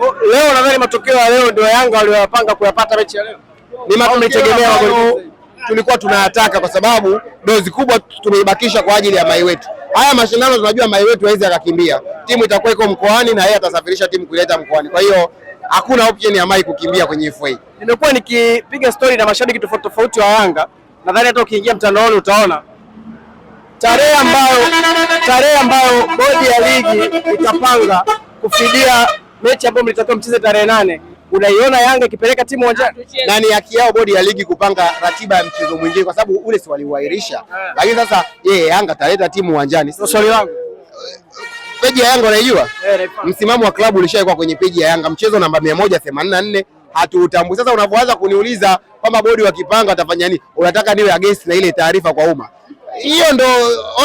Oh, leo nadhani matokeo ya leo ndio Yanga waliyopanga kuyapata mechi ya leo. Ni mlitegemea magoli, tulikuwa tunayataka kwa sababu dozi kubwa tumeibakisha kwa ajili ya mai wetu. Haya mashindano tunajua mai wetu hawezi akakimbia, timu itakuwa iko mkoani na yeye atasafirisha timu kuileta mkoani, kwa hiyo hakuna option ya mai kukimbia kwenye FA. Nimekuwa nikipiga story na mashabiki tofauti tofauti wa Yanga, nadhani hata ukiingia mtandaoni utaona tarehe ambayo tarehe ambayo bodi ya ligi itapanga kufidia mechi ambayo mlitakiwa mcheze tarehe nane unaiona Yanga ikipeleka timu uwanjani na ni haki yao bodi ya ligi kupanga ratiba ya mchezo mwingine, kwa sababu ule si waliuahirisha. Ah. Lakini sasa yeye eh, Yanga ataleta timu uwanjani. Sio swali langu, eh, peji ya Yanga unaijua, eh, msimamo wa klabu ulishaikuwa kwenye peji ya Yanga, mchezo namba 184 moja themanini hatuutambui. Sasa unavyoanza kuniuliza kwamba bodi wakipanga watafanya nini, unataka niwe against na ile taarifa kwa umma? Hiyo ndo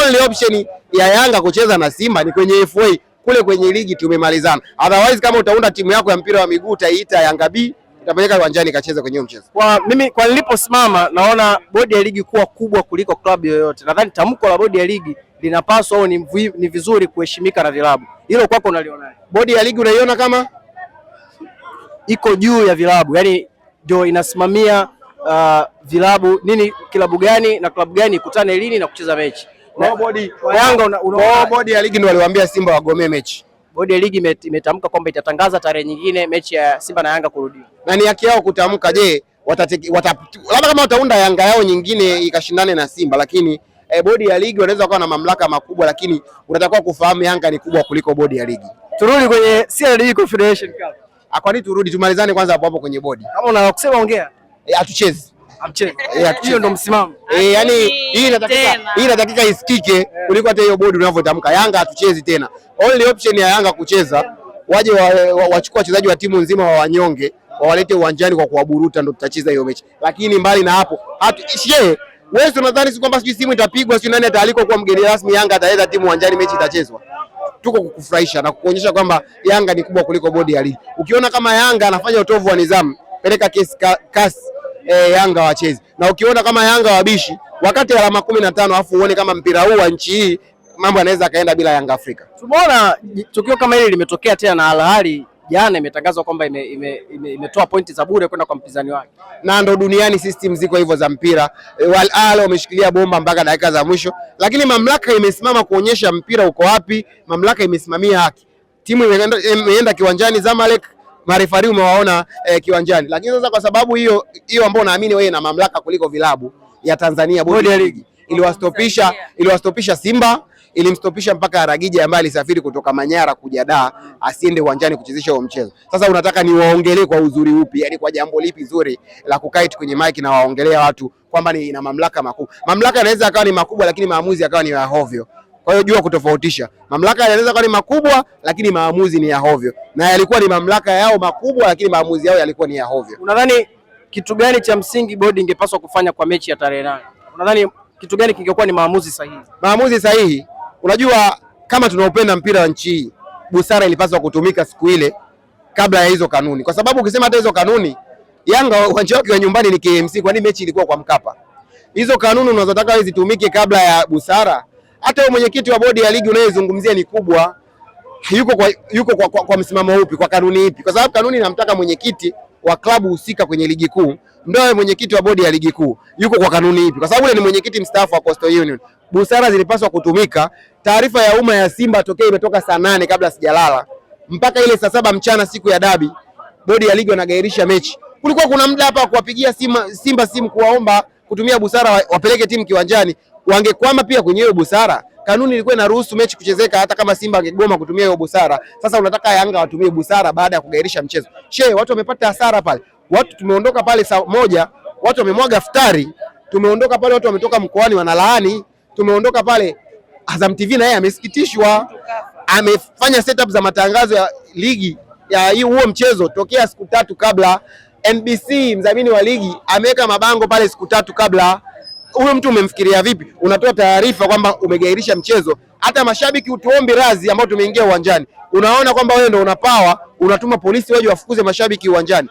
only option ya Yanga kucheza na Simba ni kwenye FA kule kwenye ligi tumemalizana. Otherwise kama utaunda timu yako ya mpira wa miguu utaiita Yanga B utapeleka uwanjani ikacheza kwenye mchezo. Kwa mimi kwa niliposimama naona bodi ya ligi kuwa kubwa kuliko klabu yoyote. Nadhani tamko la bodi ya ligi linapaswa au ni, ni vizuri kuheshimika na vilabu. Hilo kwako unalionaje? Bodi ya ligi unaiona kama iko juu ya vilabu, yaani ndio inasimamia uh, vilabu nini, kilabu gani na klabu gani ikutane lini na kucheza mechi. Bodi ya ligi ndio waliwaambia Simba wagomee mechi. Bodi ya ligi imetamka kwamba itatangaza tarehe nyingine mechi ya Simba na Yanga kurudiwa, na ni haki yao kutamka. Je, labda kama wataunda Yanga yao nyingine ikashindane na Simba, lakini eh, bodi ya ligi wanaweza kuwa na mamlaka makubwa, lakini unatakiwa kufahamu Yanga ni kubwa kuliko bodi ya ligi. Turudi kwenye CRDB Confederation Cup. Akwani ah, turudi tumalizane kwanza hapo hapo kwenye bodi. Kama unakusema ongea. Eh, hatuchezi. hiyo ndo msimamo ah, eh, yani hii inatakika hii inatakika isikike kuliko hata hiyo bodi unavyotamka. Yanga hatuchezi tena, only option ya Yanga kucheza waje wachukua wachezaji wa timu nzima wa wanyonge wawalete uwanjani kwa kuwaburuta, ndo tutacheza hiyo mechi. Lakini mbali na hapo wewe unadhani si kwamba sijui simu itapigwa nani ataalikwa kuwa mgeni rasmi Yanga ataleta timu uwanjani, mechi itachezwa. Tuko kukufurahisha na kukuonyesha kwamba Yanga ni kubwa kuliko bodi ya ligi. Ukiona kama Yanga anafanya utovu wa nidhamu, peleka kesi kasi e, Yanga wacheze. Na ukiona kama Yanga wabishi wakati alama kumi na tano afu uone kama mpira huu wa nchi hii mambo yanaweza akaenda bila Yanga Afrika. Tumeona tukio kama hili limetokea tena na Al Ahly jana imetangazwa kwamba imetoa ime, ime, ime pointi za bure kwenda kwa mpinzani wake, na ndo duniani system ziko hivyo za mpira. Eh, Al Ahly wameshikilia bomba mpaka dakika za mwisho, lakini mamlaka imesimama kuonyesha mpira uko wapi. Mamlaka imesimamia haki, timu imeenda kiwanjani. Zamalek marefari umewaona eh, kiwanjani. Lakini sasa kwa sababu hiyo hiyo ambayo naamini wewe na mamlaka kuliko vilabu ya Tanzania bodi ya ligi iliwastopisha iliwastopisha Simba ilimstopisha mpaka Aragija ambaye alisafiri kutoka Manyara kuja Dar asiende uwanjani kuchezesha huo mchezo. Sasa unataka niwaongelee kwa uzuri upi? Yaani kwa jambo lipi zuri la kukaiti kwenye mike na waongelea watu kwamba ni ina mamlaka makubwa? Mamlaka yanaweza akawa ni makubwa, lakini maamuzi akawa ni ya hovyo. Kwa hiyo jua kutofautisha. Mamlaka yanaweza kuwa ni makubwa, lakini maamuzi ni ya hovyo, na yalikuwa ni mamlaka yao makubwa, lakini maamuzi yao yalikuwa ni ya hovyo. Unadhani kitu gani cha msingi bodi ingepaswa kufanya kwa mechi ya tarehe nane? Unadhani kitu gani kingekuwa ni maamuzi sahihi? Maamuzi sahihi, unajua kama tunaopenda mpira wa nchi hii, busara ilipaswa kutumika siku ile kabla ya hizo kanuni, kwa sababu ukisema hata hizo kanuni, Yanga uwanja wake wa nyumbani ni KMC. Kwa nini mechi ilikuwa kwa Mkapa? Hizo kanuni unazotaka wewe zitumike kabla ya busara hata wewe mwenyekiti wa bodi ya ligi unayezungumzia ni kubwa, yuko kwa, yuko kwa, kwa, kwa msimamo upi, kwa kanuni ipi? Kwa sababu kanuni inamtaka mwenyekiti wa klabu husika kwenye ligi kuu ndio wewe mwenyekiti wa bodi ya ligi kuu, yuko kwa kanuni ipi? Kwa sababu yule ni mwenyekiti mstaafu wa Coastal Union. Busara zilipaswa kutumika. Taarifa ya umma ya Simba tokea imetoka saa nane kabla sijalala mpaka ile saa saba mchana siku ya dabi, bodi ya ligi wanagairisha mechi. Kulikuwa kuna muda hapa kuwapigia Simba, Simba simu kuwaomba kutumia busara wapeleke timu kiwanjani, wangekwama pia kwenye hiyo busara. Kanuni ilikuwa inaruhusu mechi kuchezeka hata kama Simba angegoma kutumia hiyo busara. Sasa unataka Yanga watumie busara baada ya kugairisha mchezo. Che, watu wamepata hasara pale. Watu tumeondoka pale saa moja, watu wamemwaga futari, tumeondoka pale watu wametoka mkoani wanalaani, tumeondoka pale Azam TV na yeye amesikitishwa, amefanya setup za matangazo ya ligi ya hii huo mchezo tokea siku tatu kabla. NBC mdhamini wa ligi ameweka mabango pale siku tatu kabla huyo mtu umemfikiria vipi? Unatoa taarifa kwamba umegairisha mchezo, hata mashabiki utuombi radhi ambao tumeingia uwanjani. Unaona kwamba wewe ndio unapawa unatuma polisi waje wafukuze mashabiki uwanjani,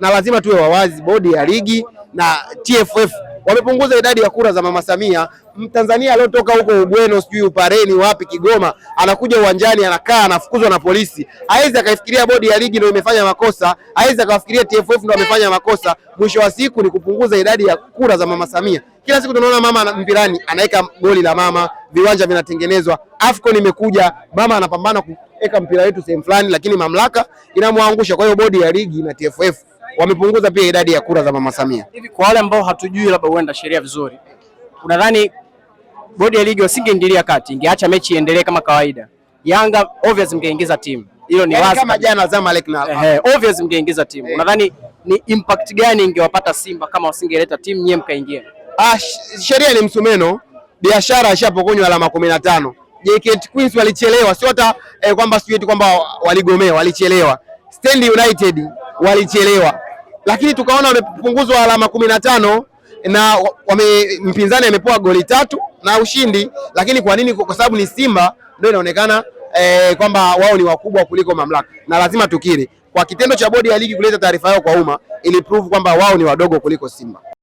na lazima tuwe wawazi, bodi ya ligi na TFF wamepunguza idadi ya kura za mama Samia. Mtanzania aliyotoka huko Ugweno, sijui Upareni, wapi Kigoma, anakuja uwanjani anakaa anafukuzwa na polisi, hawezi akafikiria bodi ya ligi ndio imefanya makosa, hawezi akafikiria TFF ndio amefanya makosa. Mwisho wa siku ni kupunguza idadi ya kura za mama Samia. Kila siku tunaona mama mpirani anaweka goli la mama, viwanja vinatengenezwa. AFCON imekuja, mama anapambana kuweka mpira wetu sehemu fulani, lakini mamlaka inamwangusha. Kwa hiyo bodi ya ligi na TFF wamepunguza pia idadi ya kura za mama Samia. Hivi kwa wale ambao hatujui, labda huenda sheria vizuri, unadhani bodi ya ligi wasingeingilia kati, ingeacha mechi iendelee kama kawaida? Yanga obvious mgeingiza timu hilo ni yaani wazi kama jana Zamalek na eh, obvious mgeingiza timu eh. Unadhani ni impact gani ingewapata Simba kama wasingeleta timu nyie mkaingia? Ah, sheria ni msumeno, biashara ishapokonywa alama kumi na tano. JKT Queens walichelewa, sio hata eh, kwamba sio kwamba waligomea, walichelewa. Stand United walichelewa, lakini tukaona wamepunguzwa alama kumi na tano na wame, mpinzani amepewa goli tatu na ushindi, lakini kwa nini? Kwa sababu ni Simba ndio inaonekana eh, kwamba wao ni wakubwa kuliko mamlaka, na lazima tukiri kwa kitendo cha bodi ya ligi kuleta taarifa yao kwa umma ili prove kwamba wao ni wadogo kuliko Simba.